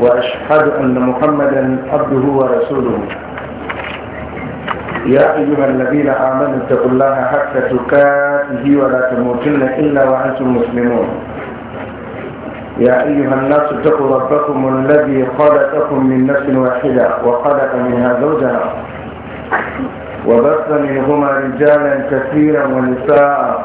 وأشهد أن محمدا عبده ورسوله يا أيها الذين آمنوا اتقوا الله حتى تقاته ولا تموتن إلا وأنتم مسلمون يا أيها الناس اتقوا ربكم الذي خلقكم من نفس واحدة وخلق منها زوجها وبث منهما رجالا كثيرا ونساء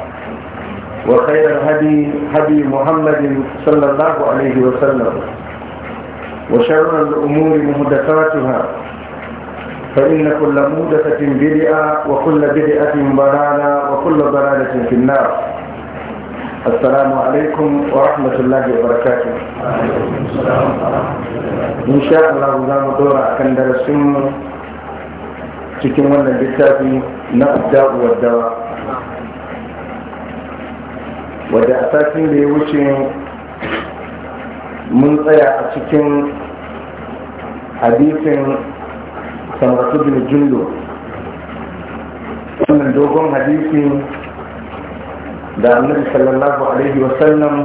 وخير الهدي هدي محمد صلى الله عليه وسلم وشر الأمور مهدفاتها فإن كل مهدفة بدئة وكل بدئة ضلالة وكل ضلالة في النار السلام عليكم ورحمة الله وبركاته إن شاء الله نعم دورا كان درسنا تكون للكتاب نبدأ والدواء wadda a satin da ya wuce mun tsaya a cikin hadisin samratu bin jullo wannan dogon hadisi da annabi sallallahu alaihi wasallam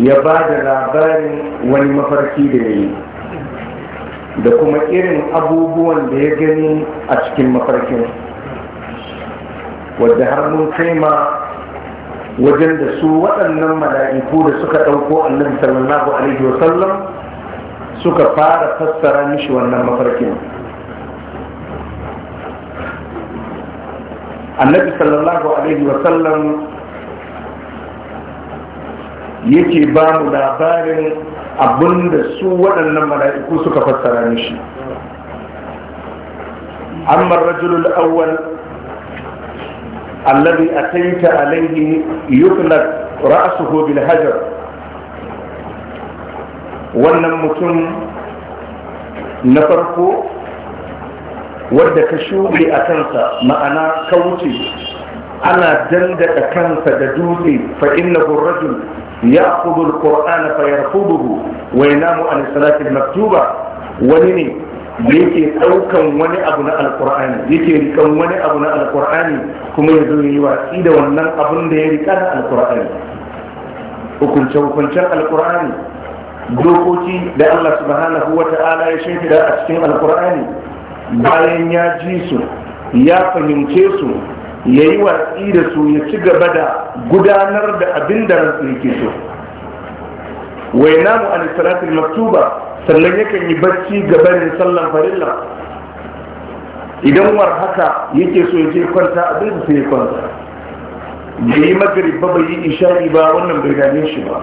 ya ba da labarin wani mafarki da ya yi da kuma irin abubuwan da ya gani a cikin mafarkin wadda har mun kai ma wajen da su waɗannan mala'iku da suka ɗauko annabi sallallahu alaihi wasallam suka fara fassara mishi wannan mafarkin annabi sallallahu alaihi wasallam yake ba mu labarin abinda su waɗannan mala'iku suka fassara mishi amma rajulul awwal الذي أتيت عليه يطلق رأسه بالهجر ونمتم نفرق ودك شوقي أكنسا ما أنا كوتي أنا جند أكنسا جدودي فإنه الرجل يأخذ القرآن فيرفضه وينام عن الصلاة المكتوبة ولني yake ɗaukan wani abu na alkur'ani yake rikan wani abu na alkur'ani kuma ya zo yi watsi da wannan abin da ya rika na alkur'ani hukunce hukuncen alkur'ani dokoki da Allah subhanahu wa ta'ala ya shaida a cikin alkur'ani bayan ya ji su ya fahimce su ya yi watsi da su ya ci gaba da gudanar da abin da ransu yake so wai namu alisalatul maktuba sannan yakan yi bacci gabanin sallan farilla idan war haka yake so ya je kwanta a da sai ya kwanta bai yi magari ba bai yi isha'i ba wannan bai gane shi ba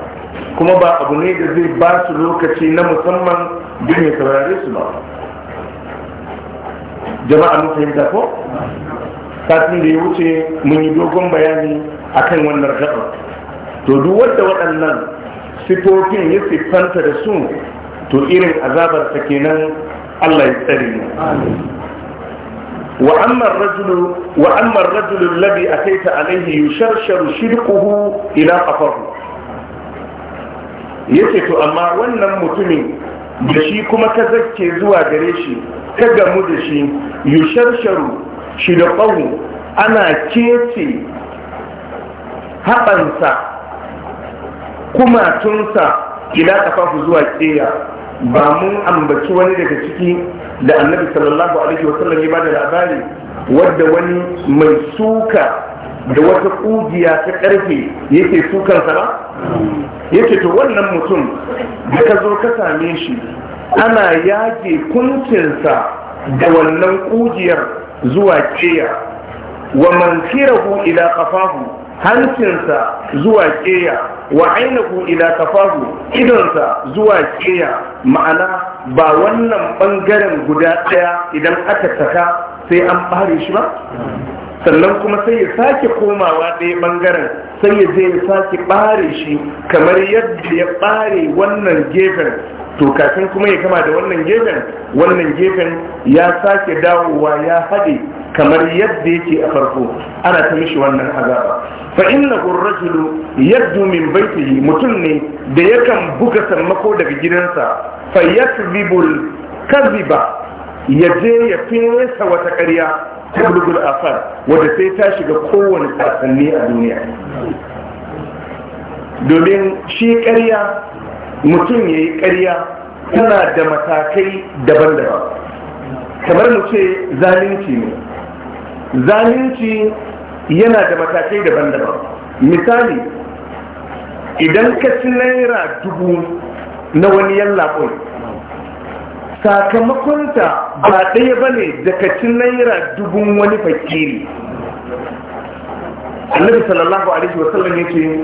kuma ba abu ne da zai ba su lokaci na musamman don ya saurare su ba jama'a mun fahimta ko satin da ya wuce mun yi dogon bayani akan wannan gaba to duk wanda waɗannan sifofin ya siffanta da su to irin azabar ta kenan Allah ya tsare mu wa amma ar-rajulu wa amma ar-rajulu alladhi ataita alayhi yusharsharu shidquhu ila qafahu yace to amma wannan mutumin da shi kuma ka zakke zuwa gare shi ka gamu da shi yusharsharu shidquhu ana kece haɓansa kumatunsa ila kafafu zuwa ƙeya ba mun ambaci wani daga ciki da annabi sallallahu alaihi sallam ya bada labari wadda wani mai suka da wata kugiya ta karfe yake sukansa ba yake to wannan mutum da ka zo ka same shi ana yage kuncinsa da wannan kugiyar zuwa keya wa man kirahu ila qafahu hancinsa zuwa keya wa ainihu ila kafahu idonsa zuwa keya ma'ana ba wannan bangaren guda daya idan aka saka sai an bare shi ba sannan kuma sai ya sake komawa ɗaya ɓangaren sai ya je ya sake ɓare shi kamar yadda ya ɓare wannan gefen to kafin kuma ya kama da wannan gefen wannan gefen ya sake dawowa ya haɗe kamar yadda yake a farko ana ta mishi wannan azaba fa innahu rajulu yaddu min baitihi mutum ne da yakan buga sammako daga gidansa fa yakzibul kadhiba ya je ya fesa wata ƙarya tablugul afar wadda sai ta shiga kowane sasanni a duniya domin shi karya, mutum ya yi ƙarya tana da matakai daban-daban kamar mu ce zalunci ne zalunci yana da matakai daban-daban misali idan ka ci naira dubu na wani yallaɓoi sakamakonta ba ɗaya ba ne daga cin naira dubun wani fakiri annabi sallallahu alaihi wasallam ya ce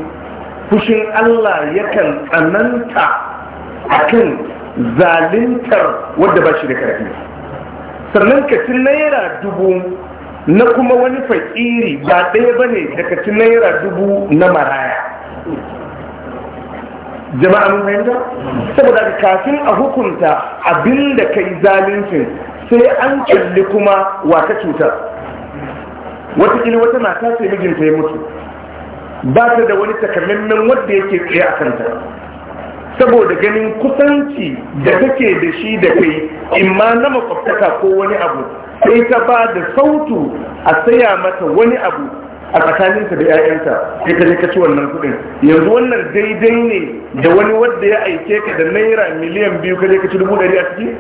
fushin allah yakan tsananta a kan zalintar wadda ba shi da karfi sannan ka cin naira dubu na kuma wani fakiri ba ɗaya ba ne daga cin naira dubu na maraya Jama'an mun saboda kafin a hukunta abin da kai zalincin sai an kalli kuma wa ka cutar wataƙila wata mata ce mijinta ya mutu ba ta da wani takamaiman wanda yake tsaye a kanta saboda ganin kusanci da take da shi da kai imma na makwabtaka ko wani abu sai ta ba da sautu a saya mata wani abu a tsakaninka da yayanta sai ka ne ka wannan kuɗin yanzu wannan daidai ne da wani wanda ya aike ka da naira miliyan biyu ka je ka dubu ɗari a ciki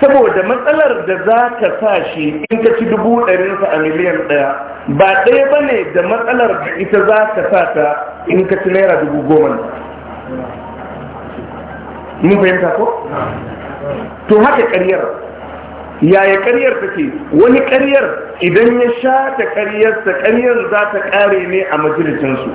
saboda matsalar da za ka sa shi in ka ci dubu ɗarinsa a miliyan ɗaya ba ɗaya ba ne da matsalar da ita za ka sa ta in ka ci naira dubu goma mun fahimta ko to haka ƙaryar yaya karyar take wani ƙaryar idan ya sha ta karyarsa ƙaryar za ta ƙare ne a majalisansu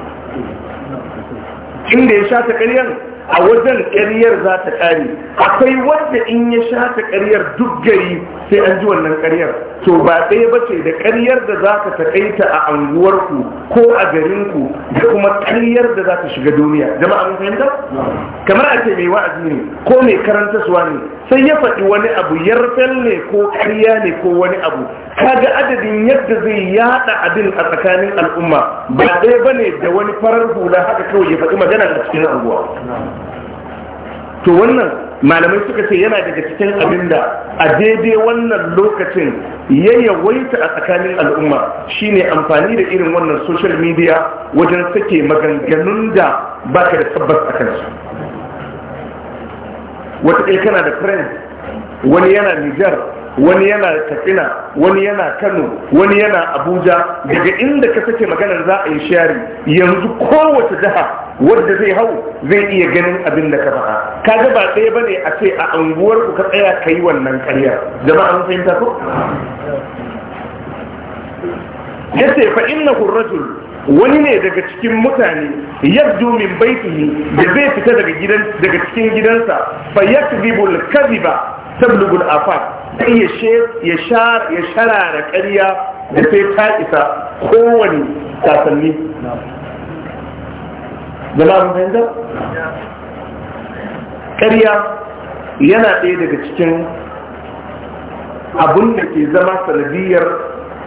inda ya sha ta ƙaryar a wajen ƙaryar za ta ƙare akwai wanda in ya sha ta ƙaryar duk gari sai an ji wannan ƙaryar to ba ɗaya ba ce da ƙaryar da za ka taƙaita a anguwarku ko a garinku da kuma ƙaryar da za ta shiga duniya jama'a mun fahimta kamar a ce mai wa'azi ne ko mai karanta suwa ne sai ya faɗi wani abu yarfel ne ko ƙarya ne ko wani abu kaga adadin yadda zai yaɗa abin a tsakanin al'umma ba ɗaya ba ne da wani farar hula haka kawai ya faɗi magana a cikin anguwa to wannan malamai suka ce yana daga cikin abin da a daidai wannan lokacin ya yawaita a tsakanin al'umma shine amfani da irin wannan social media wajen sake maganganun da baka da tabbas a kansu wata kana da friend wani yana nijar wani yana katsina wani yana kano wani yana abuja daga inda ka sake maganar za a yi shari yanzu kowace jiha wadda zai hau zai iya ganin abin da ka faɗa ka ga ba ɗaya bane a ce a anguwar ku ka tsaya ka yi wannan ƙarya jama'a mun fahimta ko yace fa innahu rajul wani ne daga cikin mutane yabdu min baitihi da zai fita daga gidan daga cikin gidansa fa yakdhibu al-kadhiba afaq sai ya shara da ƙarya da sai ta isa kowane kasanni jama'ar fahimta ƙarya yana ɗaya daga cikin abun da ke zama sanadiyar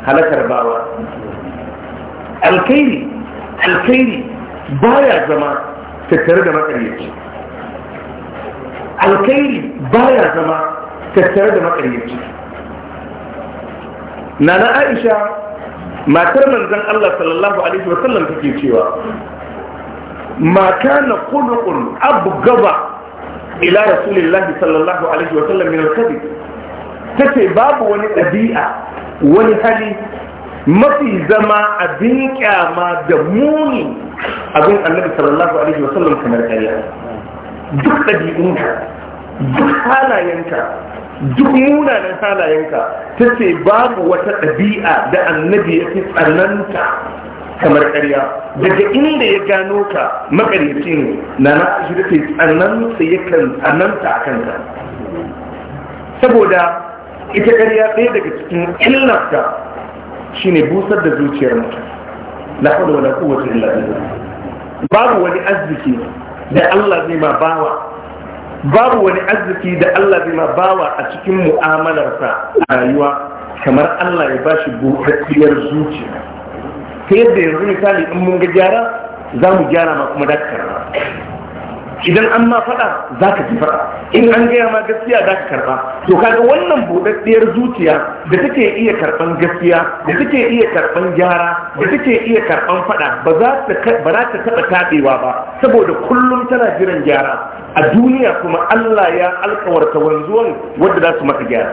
halakar bawa alkairi alkairi baya zama tattare da makaryaci alkairi baya zama tattare da makaryaci nana aisha matar manzon Allah sallallahu alaihi wa sallam take cewa ma kana qulqun abgaba ila rasulillahi sallallahu alaihi wa sallam min al Ta ce babu wani ɗabi'a wani hali mafi zama abin kyama da muni abin annabi sallallahu alaihi wa sallam kamar ƙarya duk ɗabi'unka duk halayenka duk munanan halayenka ta ce babu wata ɗabi'a da annabi ya fi tsananta kamar ƙarya daga inda ya gano ka makaryaci ne na na shi da ke tsananta kan tsananta a kanta saboda ita ƙarya ɗaya daga cikin illarta ne busar da zuciyar mutum Na hawla na kowace illa babu wani arziki da Allah zai ma bawa babu wani arziki da Allah zai ma bawa a cikin mu'amalarsa a rayuwa kamar Allah ya bashi buɗaɗɗiyar zuciya ta yadda yanzu misali in mun ga gyara za mu gyara ma kuma daktar idan an ma faɗa za ka ji faɗa in an gaya ma gaskiya za ka karɓa to kaga wannan buɗaɗɗiyar zuciya da take iya karɓan gaskiya da take iya karɓan gyara da take iya karɓan faɗa ba za ta taɓa taɓewa ba saboda kullum tana jiran gyara a duniya kuma Allah ya alkawarta wanzuwan wadda za su maka gyara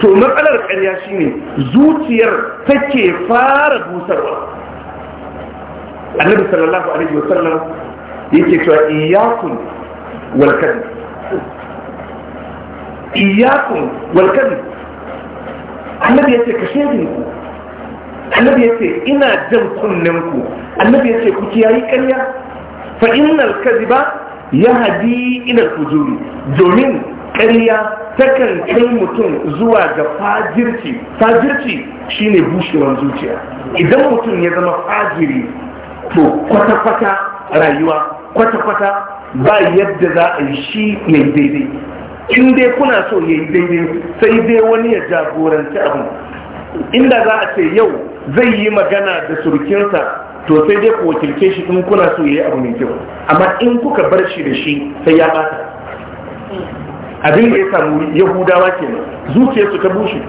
to matsalar ƙarya shine zuciyar take fara busarwa annabi sallallahu alaihi wa sallam yake cewa iyakun wal kadhib iyakun wal kadhib annabi yace ka shedin ku annabi yace ina jan kunnen ku annabi yace ku kiyayi kariya? fa innal kadhiba yahdi ila fujuri domin kariya takan kai mutum zuwa ga fajirci fajirci shine bushewar zuciya idan mutum ya zama fajiri to kwata-kwata rayuwa kwata-kwata ba yadda za a yi shi ya yi daidai in dai kuna so ya yi daidai sai dai wani ya jagoranci abu inda za a ce yau zai yi magana da surukinsa, to sai dai ku wakilce shi in kuna so ya yi abu mai kyau amma in kuka bar shi da shi sai ya bata abin da ya samu yahudawa kenan zuciyarsu ta bushe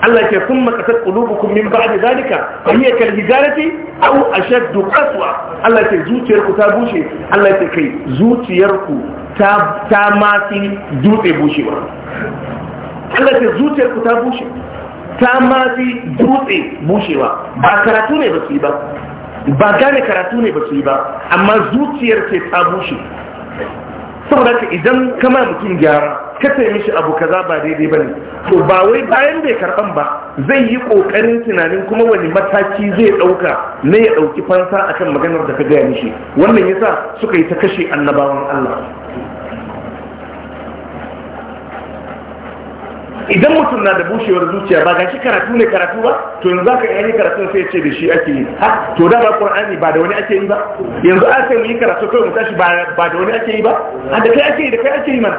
Allah ke sun makasar ƙulubukun min ba'ad zalika a yi kal hijarati au ashaddu qaswa Allah ke zuciyar ku ta bushe Allah ke kai zuciyarku ta ta mafi dutse bushewa Allah ke zuciyar ku ta bushe ta mafi dutse bushewa ba karatu ne ba su yi ba ba gane karatu ne ba su yi ba amma zuciyar ce ta bushe saboda ka idan kama mutum gyara ka mishi abu kaza ba daidai bane to ba wai bayan bai karban ba zai yi kokarin tunanin kuma wani mataki zai dauka ne ya dauki fansa akan maganar da ka gaya mishi wannan yasa suka yi ta kashe annabawan Allah idan mutum na da bushewar zuciya ba shi karatu ne karatu ba to yanzu zaka yi ainihin karatu sai ce da shi ake yi ha to da ba qur'ani ba da wani ake yi ba yanzu an sai mu yi karatu kai mu tashi ba da wani ake yi ba a da kai ake yi da kai ake yi mana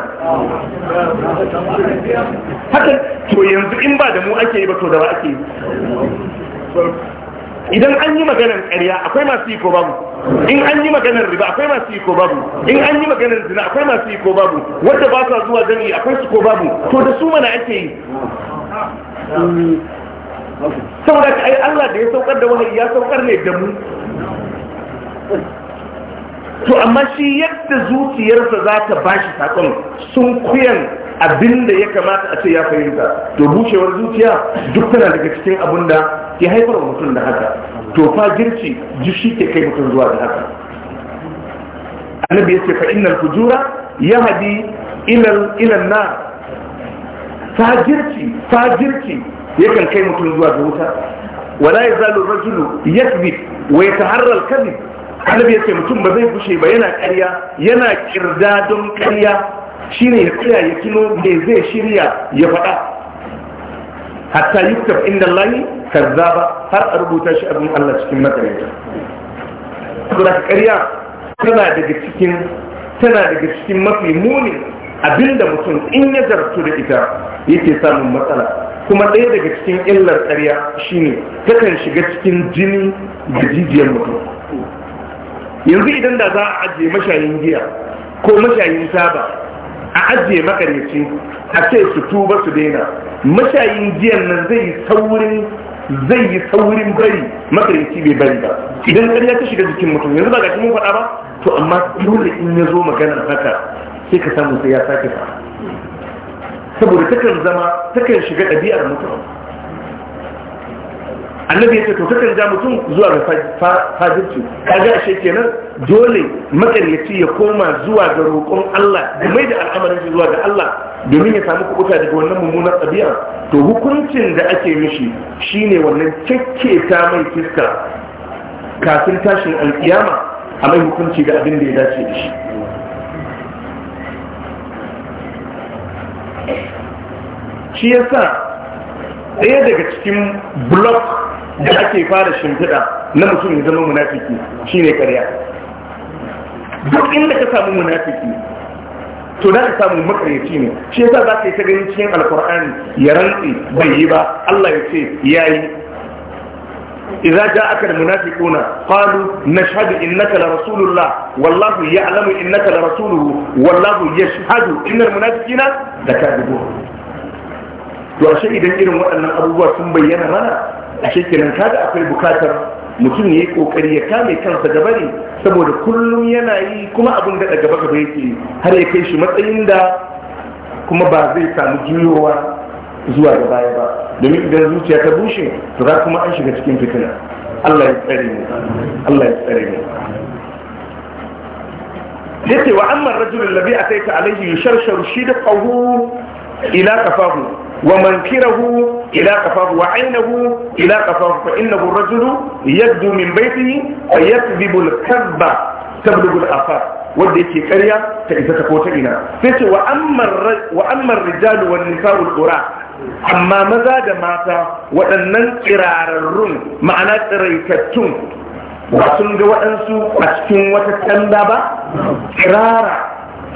haka to yanzu in ba da mu ake yi ba to da ba ake yi idan an yi maganar ƙarya akwai masu yi ko babu in an yi maganar riba akwai masu yi ko babu in an yi maganar zina akwai masu yi ko babu wanda ba sa zuwa gani akwai su ko babu to da su mana ake yi saboda ka ai Allah da ya saukar da wahayi ya saukar ne da mu to amma shi yadda zuciyarsa za ta bashi sakon sun kuyan abin da ya kamata a ce ya fahimta to bushewar zuciya duk tana daga cikin abin da ya haifar wa mutum da haka to fa girci ji shi ke kai mutum zuwa da haka annabi ce fa innal fujura yahdi ilal ilal na fajirci fajirci yakan kai mutum zuwa da wuta wala yazalu rajulu yakzib wa yataharra al-kadhib annabi ya ce mutum ba zai bushe ba yana ƙarya yana kirda don ƙarya shine ya tsaya ya kino me zai shirya ya faɗa hatta yuktab inda Allah kazzaba har a rubuta shi abin Allah cikin matsayinta Kuma ƙarya tana daga cikin tana daga cikin mafi muni abinda mutum in ya zartu da ita yake samun matsala kuma ɗaya daga cikin illar ƙarya shine takan shiga cikin jini da jijiyar mutum yanzu idan da za a ajiye mashayin giya ko mashayin taba a ajiye makaryaci a ce su tuba su daina mashayin jiyan nan zai saurin zai yi saurin bari makarinci bai bari ba idan ƙarya ta shiga jikin mutum yanzu ba ga mun faɗa ba to amma dole in ya zo maganar haka sai ka samu sai ya sake fa saboda takan zama takan shiga ɗabi'ar mutum annabi ya ce to kakan ja mutum zuwa ga fajirci ga ashe kenan dole makaryaci ya koma zuwa ga roƙon Allah da mai da al'amarin shi zuwa ga Allah domin ya samu kuɓuta daga wannan mummunar ɗabi'a to hukuncin da ake mishi shine wannan ta mai fiska kafin tashin alƙiyama a mai hukunci da abin da ya dace da shi shi yasa ɗaya daga cikin block da ake fara shimfiɗa na mutum ya zama munafiki ne ƙarya duk inda ka samu munafiki to da ka samu makaryaci ne shi yasa za ka yi ta ganin cikin alkur'ani ya rantsi bai yi ba Allah ya ce ya yi idza ja'aka almunafiquna qalu nashhadu innaka la rasulullah wallahu ya'lamu innaka la rasuluhu wallahu yashhadu innal munafiqina lakadibun to ashe idan irin waɗannan abubuwa sun bayyana rana a shekinan kada akwai bukatar mutum ya yi kokari ya kame kansa gaba ne saboda kullum yana yi kuma abin da gaba gaba yake har ya kai shi matsayin da kuma ba zai samu juyowa zuwa da baya ba domin idan zuciya ta bushe to za kuma an shiga cikin fitina Allah ya tsare mu Allah ya tsare mu yace wa amma rajulul ladhi ataita alayhi yusharsharu shidqahu ila kafahu ومنكره إلى قفاه وعينه إلى قفاه فإنه الرجل يبدو من بيته فيكذب الكذب تبلغ الآفاق wanda yake karya ta isa ta kota ina sai ce wa amman rijalu wa nisa'ul qura amma maza da mata waɗannan ƙirararrun ma'ana tsiraitattun ba sun ga waɗansu a cikin wata tanda ba kirara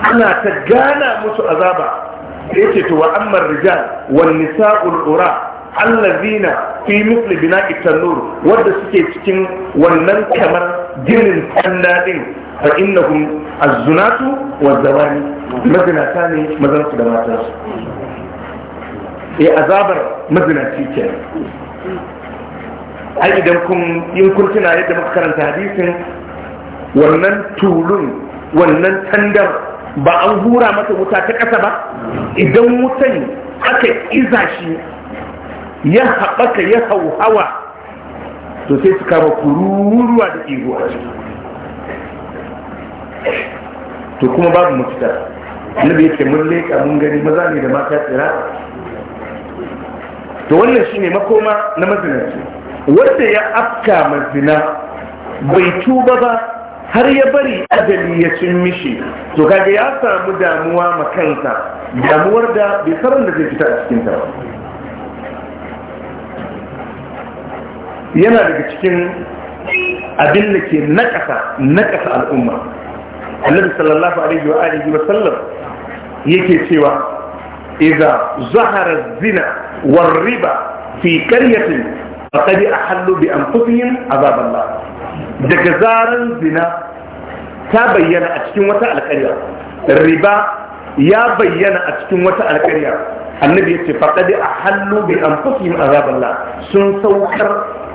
ana ta gana musu azaba yake to wa amma rijal wan nisa'ul ura allazina fi misli bina'i tanur wanda suke cikin wannan kamar ginin tandadin fa innahum az-zunatu wa zawani mazinata ne mazan su da matan su e azabar mazinaci kenan ai idan kun in kun tuna yadda muka karanta hadisin wannan tulun wannan tandar ba an hura masa wuta ta ƙasa ba idan wutan aka iza shi ya haɓaka ya hauhawa to sai su kama kururuwa da ihu a ciki to kuma babu mafita annabi yake mun leƙa mun gani maza ne da mata tsira to wannan shi ne makoma na mazinaci wanda ya afka mazina bai tuba ba har ya bari ajali ya cin mishi to kaga ya samu damuwa ma kansa damuwar da bai saran da zai fita a cikin ta yana daga cikin abin da ke nakasa nakasa al'umma annabi sallallahu alaihi wa alihi wa sallam yake cewa idza zahara zina war riba fi qaryatin faqad ahallu bi anfusihim azab Allah daga zarar zina ta bayyana a cikin wata alƙarya riba ya bayyana a cikin wata alƙarya annabi ya ce faqad ahallu bi anfusihim azab Allah sun saukar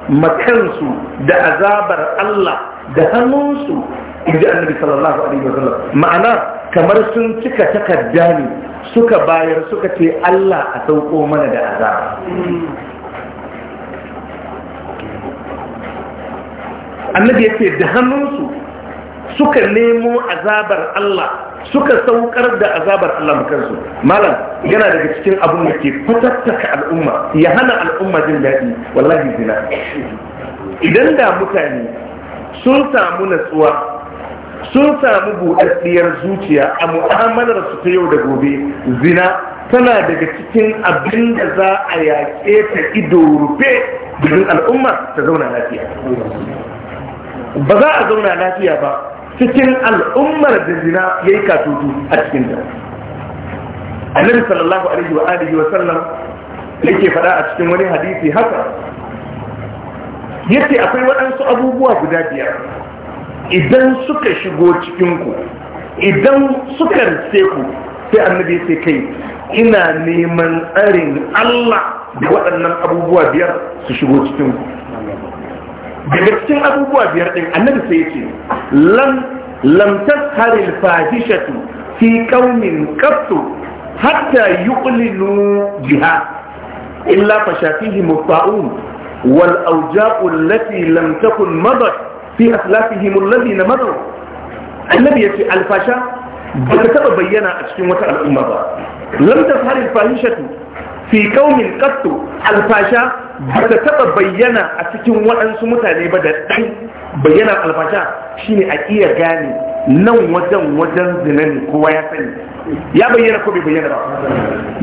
makansu da azabar Allah da hannunsu inji annabi sallallahu alaihi ma'ana kamar sun cika takarda ne suka bayar suka ce Allah a sauko mana da azaba annabi ya ce da hannunsu suka nemo azabar Allah suka saukar da azabar Allah kansu malam yana daga cikin abun da ke fatattaka al'umma ya hana al'umma jin daɗi wallahi zina idan da mutane sun samu natsuwa sun samu buɗaɗɗiyar zuciya a mu'amalar su ta yau da gobe zina tana daga cikin abin da za a yaƙe ta ido rufe domin al'umma ta zauna lafiya ba za a zauna lafiya ba cikin al'ummar da zina ya yi katutu a cikin ta annabi sallallahu alaihi wa alihi wa sallam yake faɗa a cikin wani hadisi haka yace akwai waɗansu abubuwa guda biyar idan suka shigo cikinku idan suka rufe ku sai annabi sai kai ina neman tsarin Allah da waɗannan abubuwa biyar su shigo cikinku daga cikin abubuwa biyar din annabi sai yace lam lam tasharil fahishatu fi qaumin qattu hatta yuqlinu biha illa fashatihi musta'un wal awja'u allati lam takun madat fi aslafihim alladhina madu annabi yace alfasha ba ta taba bayyana a cikin wata al'umma ba lam tasharil fahishatu fi qaumin qattu alfasha ba ta taɓa bayyana a cikin waɗansu mutane ba da ɗan bayyana shi ne a iya gane nan wajen wajen zinani kowa ya sani ya bayyana ko bai bayyana ba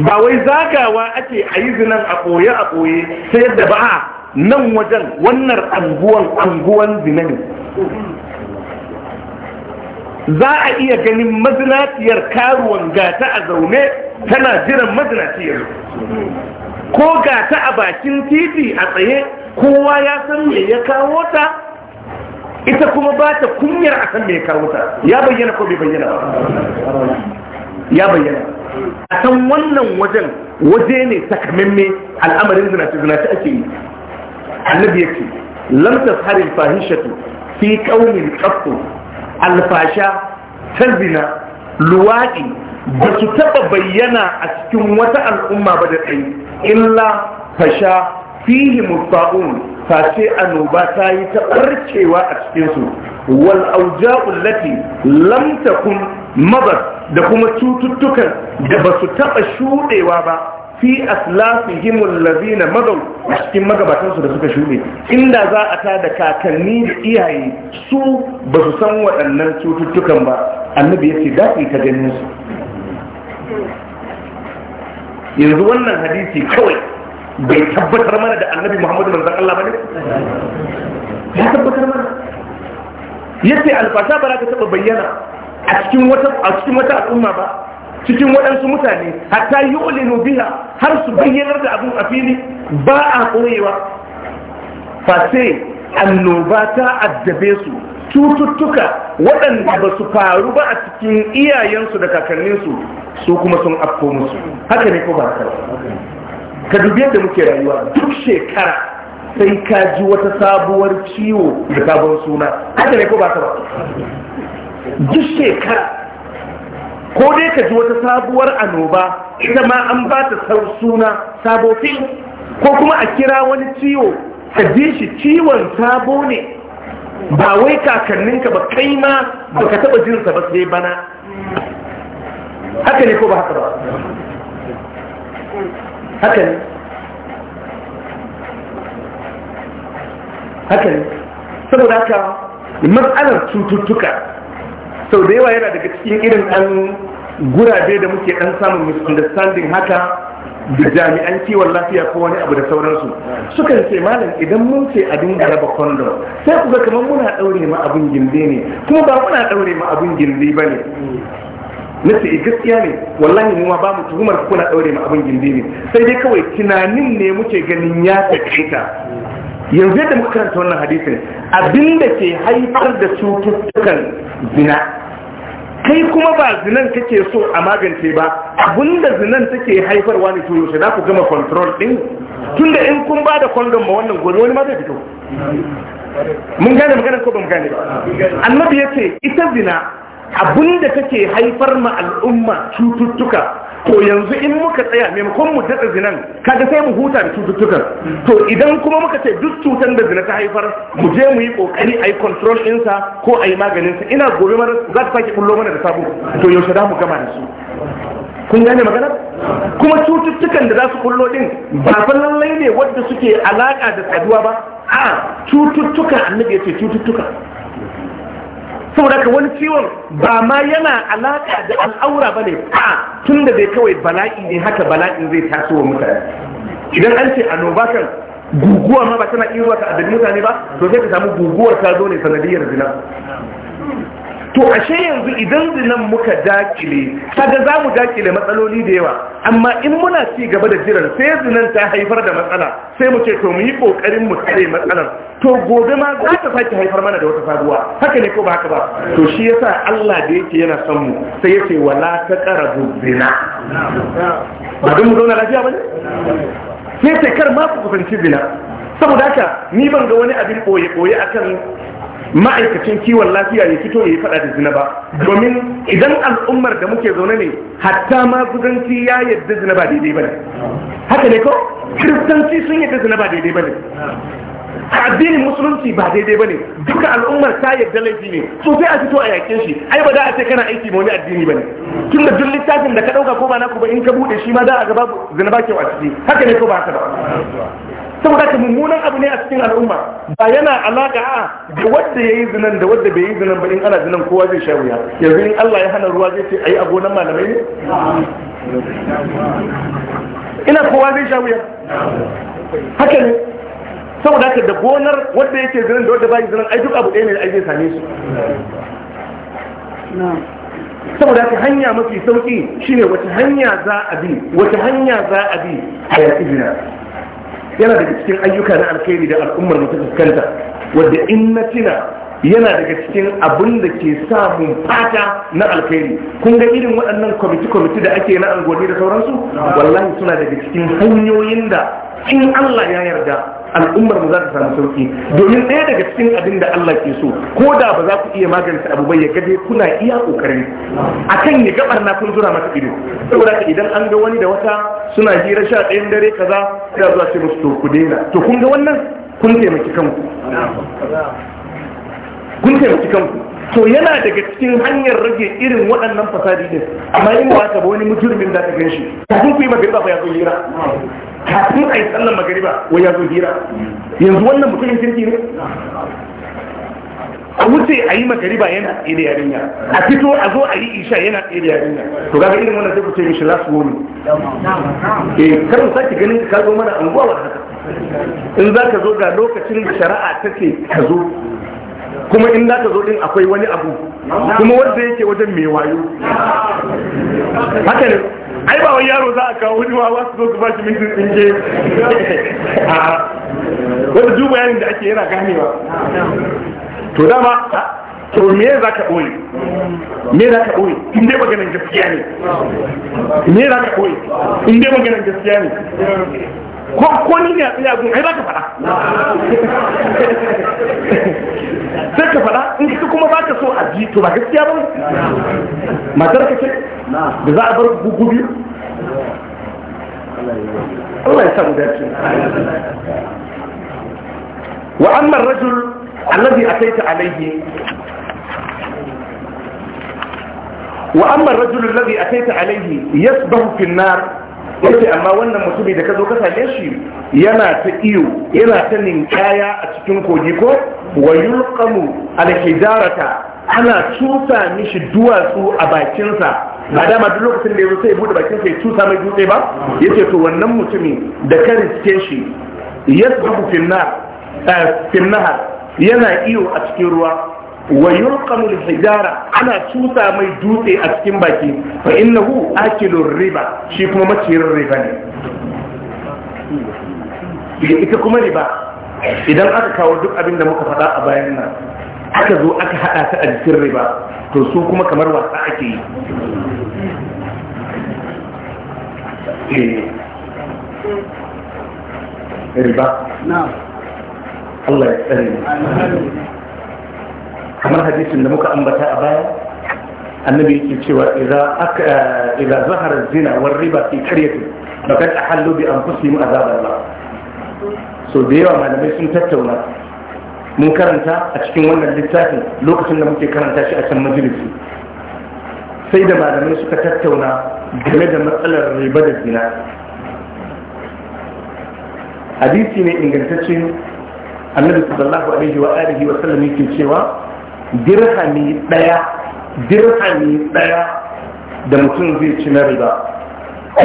ba wai zagawa ake a yi zinan a ɓoye a ɓoye ta yadda ba a nan wajen wannan anguwan anguwan zinani za a iya ganin mazinaciyar karuwan gata a zaune tana jiran mazinaciyar ko ga ta a bakin titi a tsaye kowa ya san me ya kawo ta ita kuma ba ta kunyar a san me ya kawo ta ya bayyana ko bai bayyana ya bayyana a san wannan wajen waje ne takamamme al'amarin zinace zinace ake yi annabi yake lam tashari fahishatu fi kaunin qattu alfasha tarbina luwaɗi. ba su taɓa bayyana a cikin wata al'umma ba da tsayi illa fasha fihi musta'un ce annoba ta yi ta barcewa a cikinsu wal auja'u lati lam takun mabar da kuma cututtukan da ba su taɓa shuɗewa ba fi aslafihim allazina madaw cikin magabatan su da suka shuɗe inda za a ta da kakanni da iyaye su ba su san waɗannan cututtukan ba annabi yace dafi ta ganin su yanzu wannan hadisi kawai bai tabbatar mana da annabi muhammadu manzan Allah ba ne ya tabbatar mana Yadda alfasha ba ka taba bayyana a cikin wata al'umma ba cikin waɗansu mutane hatta yu'linu biya, har su bayyanar da abin a fili ba a ƙorewa fa sai annoba ta addabe su cututtuka waɗanda ba su faru ba a cikin iyayensu da kakanninsu su kuma sun afko musu haka ne ko ba haka ka dubi yadda muke rayuwa duk shekara sai ka ji wata sabuwar ciwo da sabon suna haka ne ko ba haka ba duk shekara ko dai ka ji wata sabuwar annoba ita ma an ba ta suna sabo ko kuma a kira wani ciwo ka ji shi ciwon sabo ne ba wai kakanninka ba kai ma ba ka taɓa jinsa ba sai bana haka ne ko ba haka ba haka ne haka ne saboda haka matsalar cututtuka sau da yawa yana daga cikin irin an gurabe da muke dan samun misunderstanding haka da jami'an kiwon lafiya ko wani abu da sauransu sukan ce malam idan mun ce a dinga raba kondom sai ku ga kamar muna daure ma abun gindi ne kuma ba muna daure ma abun gindi ba ne na ce eh, gaskiya ne wallahi mu ma ba mu tuhumar kuna daure ma abun gindi ne sai dai kawai tunanin ne muke ganin ya takaita yanzu yadda muka karanta wannan hadisin abinda ke haifar da cututtukan zina kai kuma ba zinan kake so a magance ba abinda zinan take haifarwa ne turo shi za ku gama control din tunda in kun ba da kwandon ma wannan gobe wani ma zai fito mun gane magana ko ba mu gane ba annabi ya ce ita zina abinda take haifar ma al'umma cututtuka to yanzu in muka tsaya maimakon mu daɗa zinan kaga sai mu huta da cututtukan to idan kuma muka ce duk cutar da zina ta haifar mu je mu yi kokari a yi control ɗinsa ko a yi maganinsa ina gobe mana za ta sake kullo mana da sabu to yaushe za mu gama da su kun gane magana kuma cututtukan da za su kullo din ba fa lallai ne wadda suke alaka da saduwa ba a cututtuka annabi ya ce cututtuka saboda ka wani ciwon ba ma yana alaƙa da al'aura ba ne a tun da bai kawai bala'i ne haka bala'in zai taso wa mutane idan an ce annoba kan guguwa ma ba tana iya wata adadin mutane ba to sai ka samu guguwar ta zo ne sanadiyar zina to ashe yanzu idan zinan muka dakile kaga za mu dakile matsaloli da yawa amma in muna ci gaba da jiran sai zinan ta haifar da matsala sai mu ce to mu yi kokarin mu tsare matsalar to gobe ma za ta sake haifar mana da wata faduwa haka ne ko ba haka ba to shi yasa Allah da yake yana son mu sai yace wala qarabu zina ba dun mu zauna lafiya ba ne? sai sai kar ma ku kusanci zina saboda haka ni ban ga wani abin koye koye akan ma'aikacin kiwon lafiya ya fito ya yi faɗa da zina domin idan al'ummar da muke zaune ne hatta ma gudanci ya yadda zina daidai ba ne haka ne ko kiristanci sun yadda zina daidai ba ne addinin musulunci ba daidai ba ne duka al'ummar ta yadda laifi ne so sai a fito a yakin shi ai ba za a ce kana aiki ma wani addini ba ne tun da duk littafin da ka ɗauka ko ba naku ba in ka buɗe shi ma za a ga babu zina ba kyau a ciki haka ne ko ba haka ba saboda ka mummunan abu ne a cikin al'umma ba yana alaka a da wanda yayi zinan da wanda bai yi zinan ba in ana zinan kowa zai sha wuya yanzu in Allah ya hana ruwa zai ce ayi a gonan malamai ina kowa zai sha wuya haka ne saboda ka da gonar wanda yake zinan da wanda bai zinan ai duk abu ɗaya ne ai zai same su saboda ta hanya mafi sauki shine wata hanya za a bi wata hanya za a bi a yaƙi zina yana daga cikin ayyuka na alkhairi da al'ummar mu ta fuskanta wanda in na tuna yana daga cikin abin da ke samun fata na alkhairi kun ga irin waɗannan kwamiti kwamiti da ake na angoni da sauransu wallahi suna daga cikin hanyoyin da in Allah ya yarda al'ummar mu za ta samu sauki domin ɗaya daga cikin abin da Allah ke so ko da ba za ku iya magance abu bai ya gade kuna iya kokarin akan ya gabar na kun zura masa ido saboda ka idan an ga wani da wata suna hira sha ɗayan dare kaza sai zuwa ce musu to ku daina to kun ga wannan kun taimaki kanku kun taimaki kanku to yana daga cikin hanyar rage irin waɗannan fasadi din amma in wata ba wani mujurmin da ta gan shi kafin ku yi magana ba ya zo hira kafin a yi sallar magariba wai ya zo hira yanzu wannan mutumin kirki ne a wuce a yi magariba yana tsere yarinya a fito a zo a yi isha yana tsere yarinya to kaga irin wannan sai ku ce mishi last warning eh kar mu sake ganin ka zo mana anguwa wa haka in za ka zo ga lokacin da shari'a ta ce ka zo kuma in za ka zo din akwai wani abu kuma wanda yake wajen mai wayo haka ne ai ba wai yaro za a kawo wani wa wasu zo su bashi mintin tsinke a wanda ju bayanin da ake yana ganewa to dama to me za ka ɓoye me za ka ɓoye in dai maganin gaskiya ne me za ka ɓoye in dai maganin gaskiya ne ko ko ni ne a tsaya gun ai za ka faɗa sai ka faɗa in kuma ba ka so a ji to ba gaskiya ba matar ka ce da za a bar gugubi Allah ya samu dace wa amma rajul alladhi ataita alayhi wa amma rajul alladhi ataita alayhi yasbahu fi an-nar yace amma wannan mutumi da kazo ka same shi yana ta iyo yana ta ninkaya a cikin kogi ko wa yulqamu al-hijarata ana tusa mishi duwatsu a bakinsa ba dama duk lokacin da ya zo sai bude bakin sai cusa mai dutse ba yace to wannan mutumin da ka riske shi yasbu finna eh, yana iyo a cikin ruwa wa yulqamu hijara ana cusa mai dutse a cikin baki fa innahu akilur riba shi kuma maciyar riba ne ita kuma riba idan aka kawo duk abin da muka faɗa a bayan nan aka zo aka haɗa ta a jikin riba to su kuma kamar wasa ake yi riba na'am Allah ya tsare kamar hadisin da muka ambata a baya annabi yake cewa idza zahara zina war riba fi qaryatin kad ahallu bi anfusihim azab Allah so da yawa malamai sun tattauna mun karanta a cikin wannan littafin lokacin da muke karanta shi a can majalisi sai da malamai suka tattauna game da matsalar riba da zina hadisi ne ingantacce annabi sallallahu alaihi wa alihi wa sallam yake cewa dirhami daya dirhami daya da mutum zai ci na riba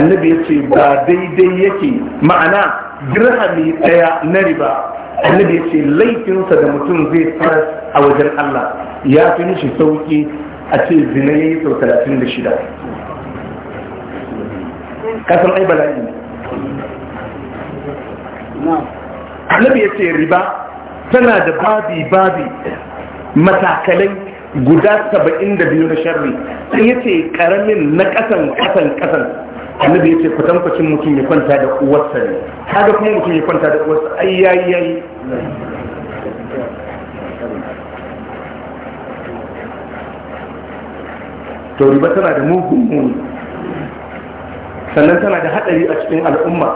annabi yace ba daidai yake ma'ana dirhami daya na riba annabi ya ce laifinsa da mutum zai fara a wajen Allah ya fi nishi sauki a ce zina ya yi sau talatin da shida kasan ai bala'i annabi ya ce riba tana da babi babi matakalai guda saba'in da biyu na sharri sai ya ce karamin na kasan kasan kasan annabi ya ce kwatankwacin mutum ya kwanta da uwarsa ne kaga kuma mutum ya kwanta da uwarsa ai yayi yayi to riba tana da mugun muni sannan tana da haɗari a cikin al'umma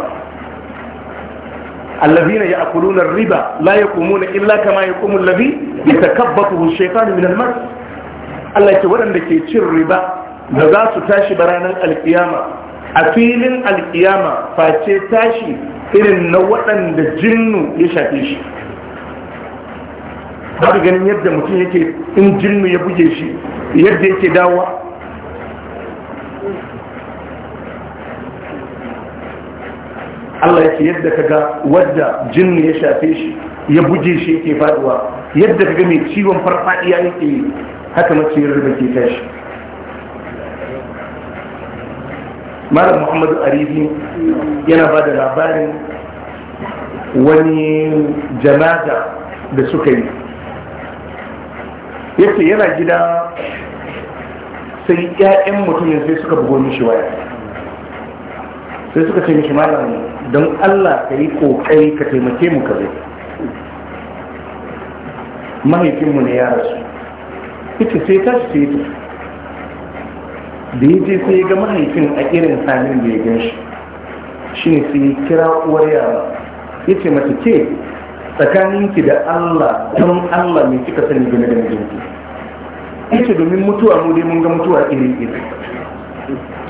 allazina ya'kuluna riba la yaqumuna illa kama yaqumu allazi yatakabbathu ash-shaytanu min al-mas Allah ya ce waɗanda ke cin riba da za su tashi ranar alkiyama a filin alkiyama face tashi irin na waɗanda jinnu ya shafe shi ba ganin yadda mutum yake in jinnu ya buge shi yadda yake dawa Allah ya ce yadda ka ga wadda jinnu ya shafe shi ya buge shi yake faduwa yadda ka ga mai ciwon farfadiya yake haka mace yadda ke tashi malam muhammadu arifi yana ba da labarin wani janaza da suka yi yake yana gida sai 'ya'yan mutumin sai suka bugo mishi waya sai suka ce mishi malam don allah ka yi kokari ka taimake mu kabe mahaifinmu ne ya rasu ita sai tashi sai da ya je sai ga mahaifin a irin halin da ya gan shi shi ne sai kira uwar yara ya ce mata ke tsakaninki da allah don allah mai kika sani game da mijinki ya ce domin mutuwa mu dai mun ga mutuwa iri iri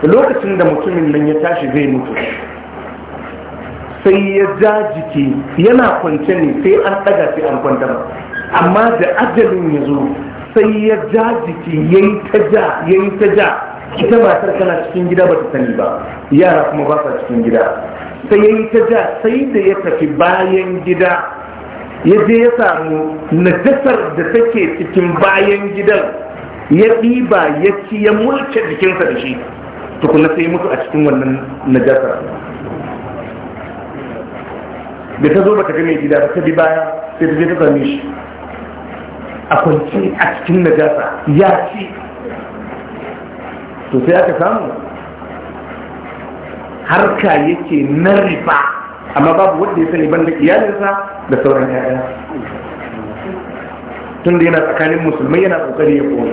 lokacin da mutumin nan ya tashi zai mutu sai ya ja jiki yana kwance ne sai an ɗaga sai an kwanta ba amma da ajalin ya zo sai ya ja jiki ya yi ta ja ya yi ta ja ita matar tana cikin gida ba ta sani ba yara kuma ba sa cikin gida sai ya ta ja sai da ya tafi bayan gida ya je ya samu najasar da take cikin bayan gidan ya ɗiba ya ci ya mulke jikinsa da shi tukuna sai mutu a cikin wannan najasar da ta zo ba ta ga gida ba ta bi baya sai ta je ta same shi a kwanci a cikin najasa ya ci to sai aka samu harka yake na riba amma babu wanda ya sani banda iyalinsa da sauran 'ya'ya tun da yana tsakanin musulmai yana kokari ya koma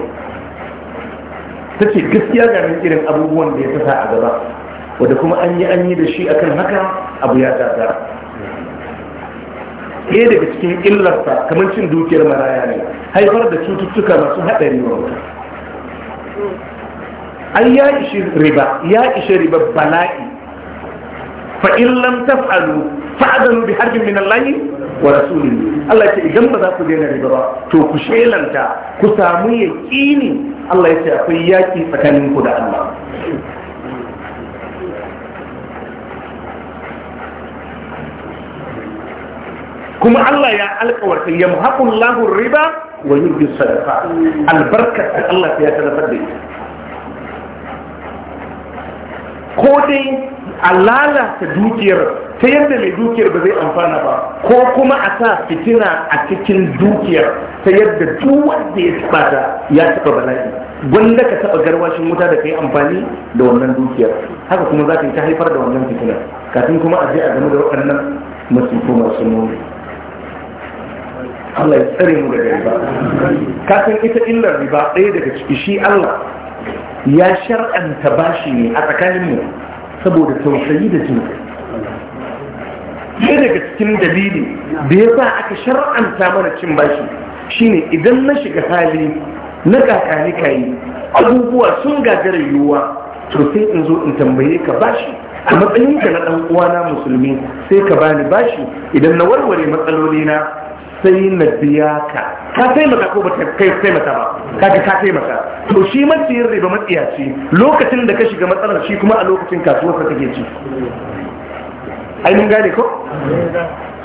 ta ce gaskiya ga irin abubuwan da ya sasa a gaba wadda kuma an yi an yi da shi akan haka abu ya gagara ɗaya daga cikin illarsa kamar cin dukiyar maraya ne haifar da cututtuka masu haɗari wa mutum ai ya ishe riba ya ishe riba bala'i fa in lam taf'alu fa'adalu bi harbin min Allah wa rasulihi Allah ce idan ba za ku daina riba ba to ku shelanta ku samu yaqini Allah ya ce akwai yaki tsakanin ku da Allah kuma Allah ya alƙawarta ya muhaƙun riba wa yurgin sadaka albarkar da Allah ya sadakar da ita ko dai a lalata dukiyar ta yadda mai dukiyar ba zai amfana ba ko kuma a sa fitina a cikin dukiyar ta yadda duk wanda ya taba ta ya taba bala'i gwanda ka taba garwashin wuta da ka yi amfani da wannan dukiyar haka kuma za ka yi ta haifar da wannan fitinar kafin kuma a je a game da waɗannan masifu masu nuni Allah ya tsare mu daga riba kafin ita illar riba ɗaya daga ciki shi Allah ya shar'anta bashi ne a tsakanin mu saboda tausayi da jin kai daga cikin dalili da ya sa aka shar'anta mana cin bashi shine idan na shiga hali na kakani kayi abubuwa sun gagara yiwuwa to sai in zo in tambaye ka bashi a matsayinka na ɗan uwana musulmi sai ka bani bashi idan na warware matsaloli na. sai na biya ka ka sai mata ko ba kai sai mata ba ka ka sai mata. to shi yin riba matsiyaci lokacin da ka shiga matsalar shi kuma a lokacin kasuwar ka take ci ai mun gane ko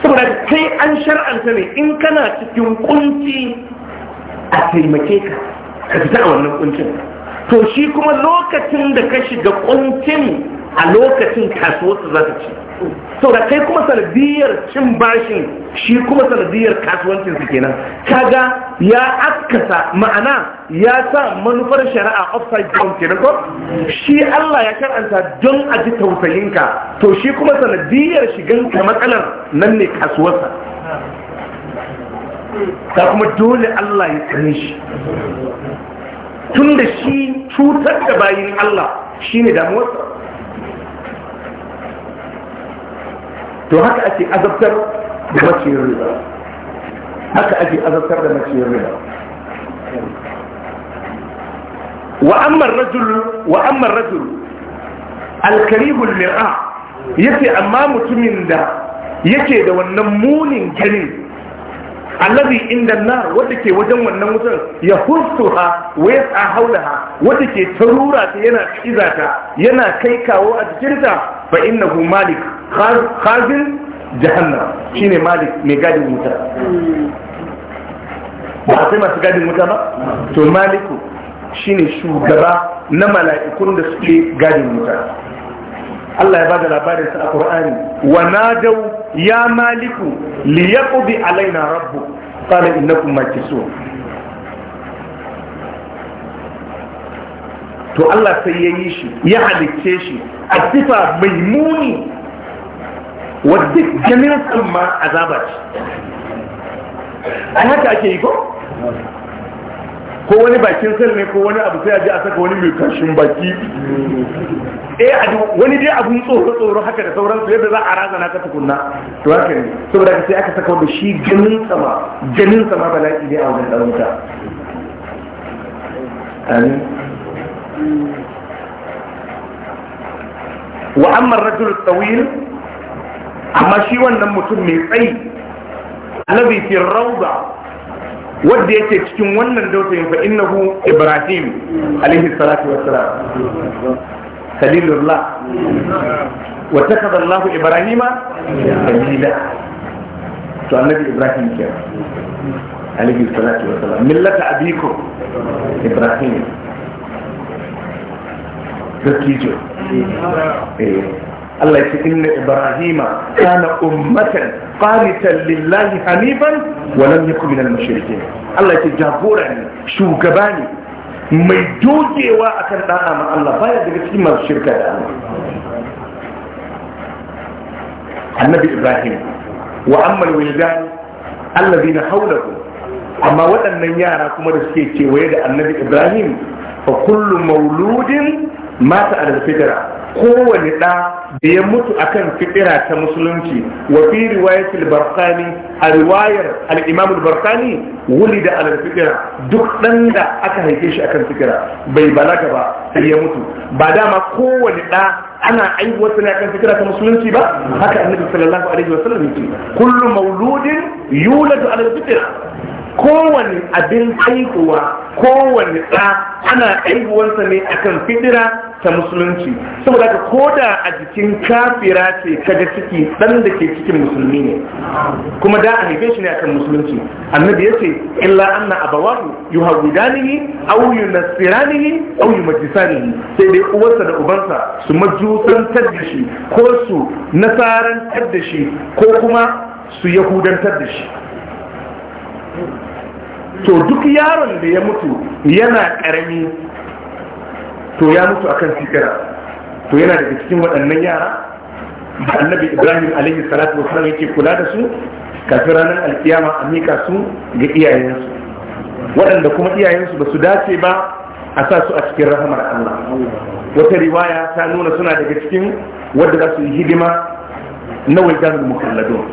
saboda kai an shar'anta ne in kana cikin kunci a taimake ka ka fita a wannan kuncin to shi kuma lokacin da ka shiga kuncin a lokacin kasuwar za ta ci to da kai kuma sanadiyar cin bashin shi kuma sanadiyar kasuwancin su kenan kaga ya askasa ma'ana ya sa manufar shari'a upside down kenan ko shi Allah ya karanta don a ji tausayinka to shi kuma sanadiyar shigan ka matsalar nan ne kasuwarsa ta kuma dole Allah ya tsare shi tun da shi cutar da bayin Allah shi ne damuwarsa to haka ake azabtar da maciyar riba haka ake azabtar da maciyar riba wa amma rajul wa amma rajul alkaribul mir'a yace amma mutumin da yake da wannan munin ganin allazi inda nar wanda ke wajen wannan wutar ya hustuha wa yas'a ha, wanda ke tarura ta yana kiza ta yana kai kawo a jikinta fa innahu malik khazin jahannam shine malik mai gadin wuta ba a sai masu gadin wuta ba to maliku shine shugaba na mala'ikun da suke gadin wuta Allah ya ba da labarin sa a Qur'ani wa nadaw ya maliku li alaina rabbu qala innakum makisun to Allah sai ya yi shi ya halicce shi a sifa mai muni wadda ganin ma azaba a haka ake yi ko ko wani bakin sel ne ko wani abu sai a je a saka wani mai kashin baki eh wani dai abun tsoro tsoro haka da sauransu yadda za a razana ka tukunna to haka ne saboda sai aka saka wanda shi ganin sama ganin sama bala'i ne a wajen dan wuta amin wa amma rajul tawil amma shi wannan mutum mai tsayi alladhi fi rawda wadda yake cikin wannan dausayin fa innahu ibrahim alaihi salatu wassalam khalilullah wa takaba allah ibrahima khalila to annabi ibrahim ke alaihi salatu wassalam millata abikum ibrahim da kijo eh Allah ya inna Ibrahima kana ummatan qanitan lillahi hanifan wa lam yakun minal mushrikeen Allah ya jagora ne shugaba ne mai dogewa akan da'a ma Allah baya daga cikin masu shirka da Allah Annabi Ibrahim wa ammal wildan alladhina hawlahu amma waɗannan yara kuma da suke kewaye da Annabi Ibrahim fa kullu mauludin mata al-fitra kowane ɗa da ya mutu akan fitira ta musulunci wa fi riwayatul barkani a riwayar al-imam barkani wuli da alal fitira duk ɗan da aka haife shi akan fitira bai balaga ba sai ya mutu ba dama kowane ɗa ana aiwatar ne akan fitira ta musulunci ba haka annabi sallallahu alaihi wasallam yake kullu mauludin yuladu alal fitira kowane abin haihuwa kowane ɗa ana haihuwarsa ne akan fidira ta musulunci saboda ka koda a jikin kafira ce kaga ciki ɗan da ke cikin musulmi ne kuma da a haife shi ne akan musulunci annabi ya ce illa anna abawahu yuhawidanihi aw yunasiranihi aw yumajisanihi sai dai uwarsa da ubansa su majusantar da shi ko su nasarantar da shi ko kuma su yahudantar da shi to duk yaron da ya mutu yana ƙarami, to ya mutu a kan sikira to yana daga cikin waɗannan yara da annabi ibrahim alaihi salatu wa wasallam yake kula da su kafin ranar alkiyama a mika su ga iyayensu waɗanda kuma iyayensu ba su dace ba a sa su a cikin rahamar Allah wata riwaya ta nuna suna daga cikin wadda za su yi hidima na wajen mukalladun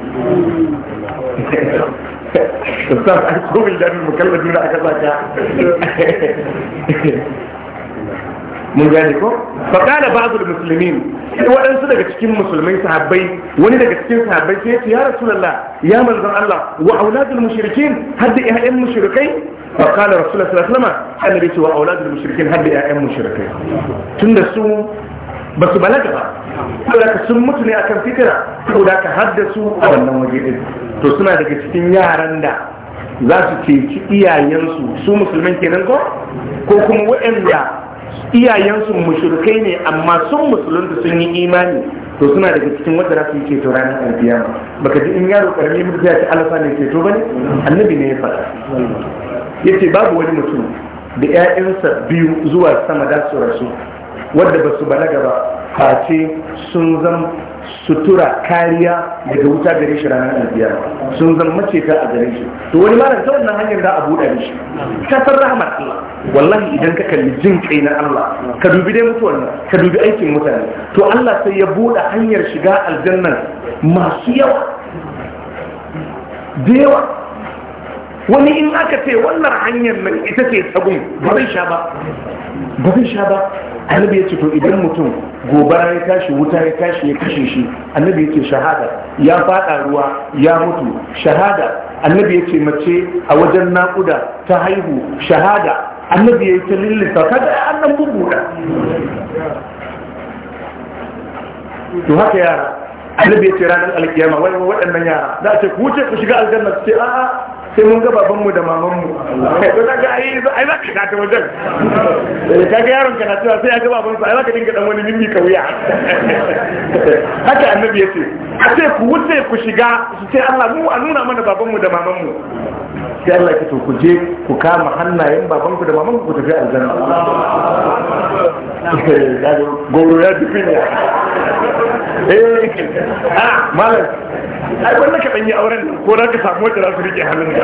استاذ فقال بعض المسلمين وان صدق تشكين مسلمين صحابي وني دغ تشكين صحابي كيف يا رسول الله يا من زن الله واولاد المشركين هل ايه ام مشركين فقال رسول الله صلى الله عليه وسلم هل بيت واولاد المشركين هل ايه ام مشركين تنسوا ba su balaga ba saboda sun mutu ne akan fitira saboda ka haddasu a wannan waje din to suna daga cikin yaran da za su ceci iyayensu su musulman kenan ko ko kuma waɗanda iyayensu mushrikai ne amma sun musulunta sun yi imani to suna daga cikin wanda za su yi ceto ranar alkiyama baka ji in yaro karami mutu ya ce alfa ne ceto bane annabi ne ya faɗa yace babu wani mutum da 'ya'yansa biyu zuwa sama da su rasu wadda ba su balaga ba face sun zan sutura kariya daga wuta gare shi ranar albiya sun zan maceta a gare shi to wani malam ta wannan hanyar za a buɗe shi ta san rahmar Allah wallahi idan ka kalli jin kai na Allah ka dubi dai mutuwar nan ka dubi aikin mutane to Allah sai ya buɗe hanyar shiga aljannan masu yawa da yawa wani in aka ce wannan hanyar nan ita ce sabon ba zai sha ba ba zai sha ba annabi ya ce to idan mutum gobara ya tashi wuta ya tashi ya kashe shi annabi ya ce shahada ya fada ruwa ya mutu shahada annabi ya ce mace a wajen naƙuda ta haihu shahada annabi ya yi ta lillita kada annan nan da. to haka yara annabi ya ce ranar alkiyama wai waɗannan yara za a ce ku wuce ku shiga aljanna su ce a'a sai mun ga babanmu da mamanmu to ta ga ai ai za ka ga ta wajen eh, ka ga yaron kana tuwa sai ya ga babansa ai za ka dinga dan wani mimmi ka wuya haka annabi yace a sai ku wuce ku shiga su sai Allah mu a nuna mana babanmu da mamanmu sai Allah ya ce to ku je ku kama hannayen babanku da mamanku ku tafi aljanna goro ya dubi ne eh a malam ai wannan ka danyi auren nan ko za ka samu wacce za su rike hannun ka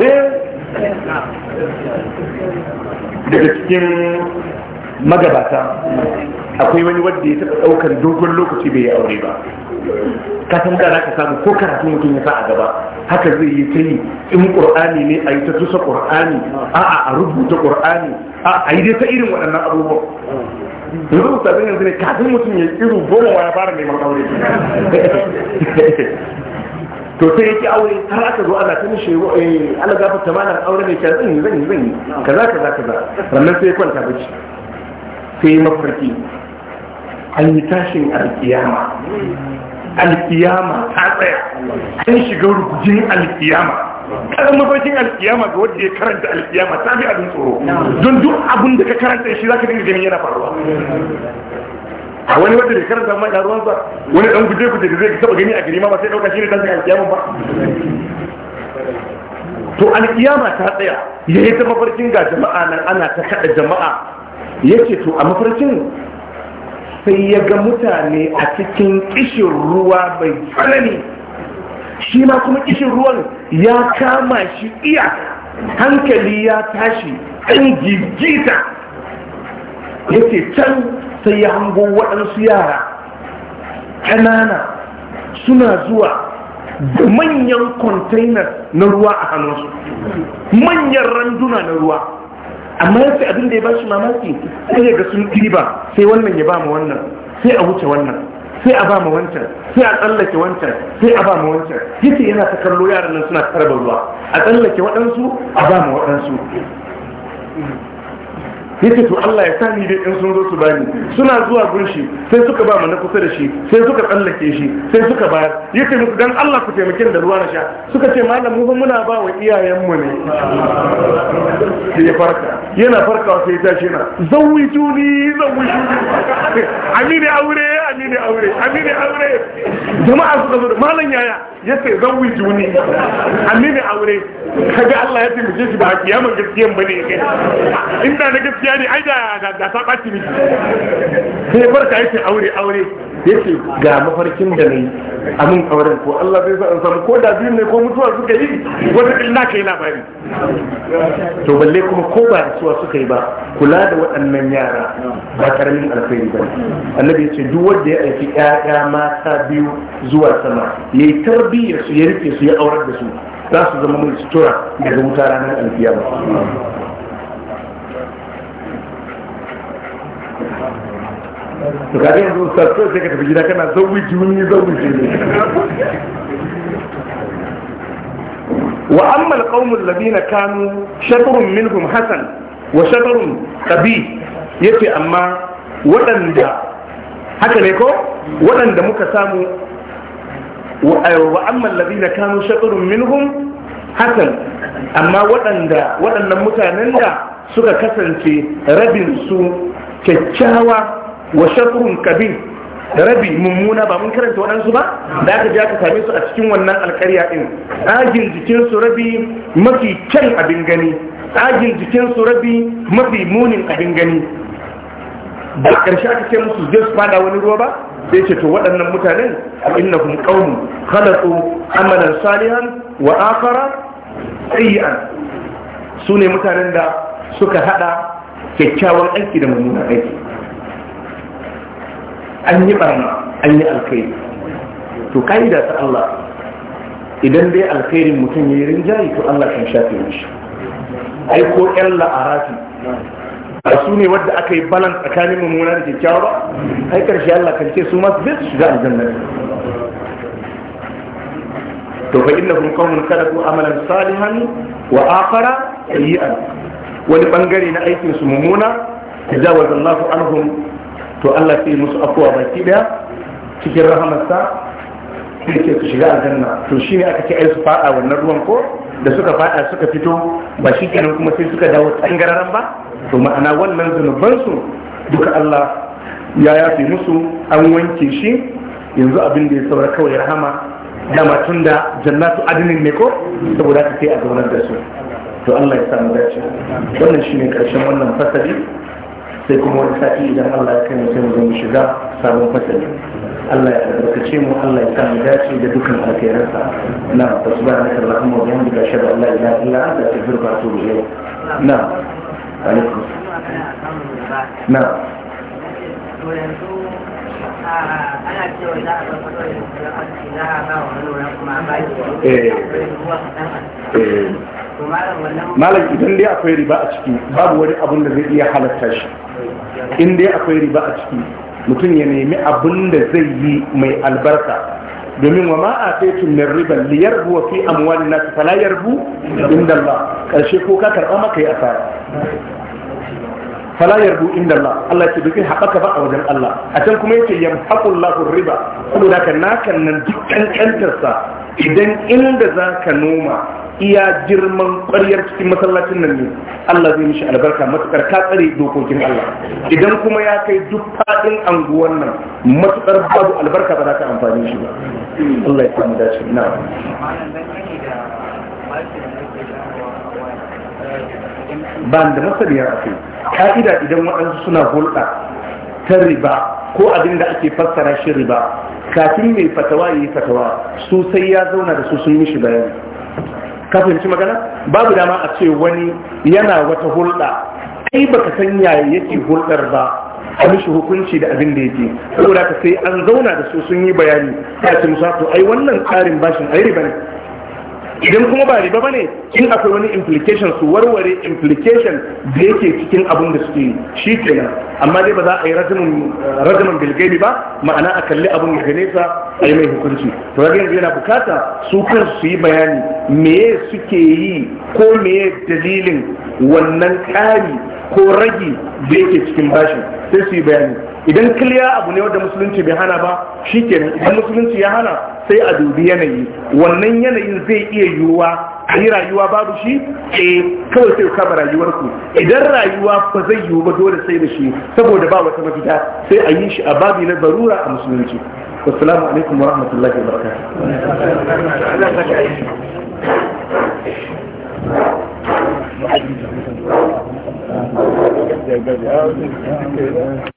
eh daga cikin magabata akwai wani wanda ya taɓa ɗaukar dogon lokaci bai yi aure ba ka san da ka samu ko karatu mutum ya sa a gaba haka zai yi ta yi in ƙur'ani ne a yi ta tusa ƙur'ani a a rubuta ƙur'ani a a yi dai ta irin waɗannan abubuwan yanzu ustazin yanzu ne kafin mutum ya iru goma wa ya fara neman aure to sai yake aure har aka zo ana tun shi eh Allah gafar ta mana aure ne ka zan zan zan kaza kaza kaza sannan sai kwanta bacci sai mafarki an yi tashin alkiyama alkiyama ta tsaya an shiga rukujin alkiyama mafarkin alkiyama ga wanda ya karanta alkiyama ta fi abin tsoro don duk abin da ka karanta shi za ka dinga ganin yana faruwa a wani wanda ya karanta ma ya ruwansa wani dan guje guje da zai taba gani a gari ma ba sai dauka ne tashin alkiyama ba to alkiyama ta tsaya ya yi ta mafarkin ga jama'a nan ana ta kada jama'a yace to a mafarkin sai ya ga mutane a cikin kishin ruwa mai tsanani shi ma kuma kishin ruwan ya kama shi iya hankali ya tashi ɗan gigita ce can sai ya hango waɗansu yara ƙanana suna zuwa da manyan kwantainar na ruwa a hannunsu manyan randuna na ruwa amma yace abin da ya ba shi mamaki sai ya ga sun ɗiba sai wannan ya ba mu wannan sai a wuce wannan sai a ba ma wancan sai a tsallake wancan sai a ba ma wancan yace yana ta kallo yaran nan suna karbar ruwa a tsallake waɗansu a ba ma waɗansu yace to Allah ya sani dai in sun zo su bani suna zuwa gunshi sai suka ba na kusa da shi sai suka tsallake shi sai suka bayar yace musu dan Allah ku taimake da ruwa na sha suka ce malam mu muna ba wa iyayen mu ne sai ya farka yana farkawa sai ya tashi na zawi juni zawi juni amini aure amini aure amini aure jama'a suka zo malam yaya yace zawi juni amini aure kaga Allah ya taimake shi ba kiyaman gaskiyan bane inda na gaskiya gaskiya ne ai da da ta miki sai farka yake aure aure yake ga mafarkin da a mun auren ko Allah zai sa in samu ko da biyu ne ko mutuwa suka yi wata illa kai labari to balle kuma ko ba da suwa suka yi ba kula da waɗannan yara ba karamin alkhairi ba annabi ya ce duk wanda ya aiki ƴaƴa mata biyu zuwa sama yi tarbiyyar su ya rike su ya aurar da su za su zama mai sutura daga wuta ranar alkiyama to kaga yanzu sassu sai ka tafi gida kana zauwi juni zauwi juni wa amma alqaumul ladina kanu shatrun minhum hasan wa shatrun qabi yace amma waɗanda haka ne ko waɗanda muka samu wa amma alladhina kanu shatrun minhum hasan amma waɗanda waɗannan mutanen da suka kasance rabin su kyakkyawa wa shakrun kabir rabi mummuna ba mun karanta waɗansu ba da aka ji aka same su a cikin wannan alkarya ɗin ɗagin jikinsu rabi mafi kyan abin gani ɗagin jikinsu rabi mafi munin abin gani ba ƙarshe aka ce musu zai su fada wani ruwa ba sai ce to waɗannan mutanen innahum qaumun khalaqu amalan salihan wa akhara su sune mutanen da suka haɗa kyakkyawan aiki da mummunan aiki an yi barna an yi alkhairi to ka'ida ta Allah idan dai alkhairin mutum ya yi rinjaye to Allah kan shafe mishi ai ko ƴan la'arafi a su ne wadda aka yi balan tsakanin mummuna da kyakkyawa ba ai karshe Allah kan ce su ma su zai shiga aljanna to fa innahum qaumun khalaqu amalan salihan wa akhara sayyi'an wani bangare na aikin su mummuna jawaza Allahu anhum to Allah sai musu afuwa baki daya cikin rahamarsa sai ke su shiga aljanna to shine aka ce ai su fada wannan ruwan ko da suka fada suka fito ba shi kenan kuma sai suka dawo tsangararan ba to ma'ana wannan zunubansu duka Allah ya yafe musu an wanke shi yanzu abin da ya saura kawai rahama dama tun da jannatu adinin ne ko saboda ka sai a zaunar da su to Allah ya samu dace wannan shine karshen wannan fasali sai kuma wani sati idan Allah ya kai mutum zai shiga sabon fasali Allah ya albarkace mu Allah ya samu dace da dukkan alkhairansa na na subhanaka allahumma wa bihamdika ashhadu an la ilaha illa anta astaghfiruka wa atubu ilayk na alaikum na ana cewa za a ba kuma malam idan dai akwai riba a ciki babu wani abun da zai iya halatta shi in dai akwai riba a ciki mutum ya nemi abun da zai yi mai albarka domin wa ma a sai min riban liyar buwa fi na nas fala yarbu inda Allah karshe ko ka karɓa maka yi asara fala yarbu inda Allah Allah ce dukkan haɓaka ba a wajen Allah a can kuma yace haƙun lafin riba saboda kan nan duk kankantar idan inda ka noma iya girman ƙwaryar cikin masallacin nan ne Allah zai mishi albarka matukar ka tsare dokokin Allah idan kuma ya kai duk faɗin anguwan nan matukar babu albarka ba za ka amfani shi ba Allah ya samu dace na ba da masaniya a kai ka'ida idan waɗansu suna hulɗa ta riba ko abin da ake fassara shi riba kafin mai fatawa ya yi fatawa sosai ya zauna da su sun mishi bayani ka fahimci magana babu dama a ce wani yana wata hulɗa kai ka san yaya yake hulɗar ba a mishi hukunci da abin da yake saboda ka sai an zauna da su sun yi bayani ta ce musa to ai wannan tsarin bashin ai riba ne idan kuma ba riba bane in akwai wani implication su warware implication da yake cikin abin da suke shi kenan amma dai ba za a yi rajimin rajimin ba ma'ana a kalli abin da nesa a yi mai hukunci to ga yanzu yana bukata su kan su yi bayani me suke yi ko me dalilin wannan ƙari ko ragi da yake cikin bashin sai su yi bayani idan kiliya abu ne wanda musulunci bai hana ba shi kenan idan musulunci ya hana sai a dubi yanayi wannan yanayin zai iya yiwuwa a yi rayuwa babu shi eh kawai sai kama ku idan rayuwa ba zai yiwu ba dole sai da shi saboda ba wata mafita sai a yi shi a babi na barura a musulunci والسلام عليكم Thank dạ, you. Dạ, dạ.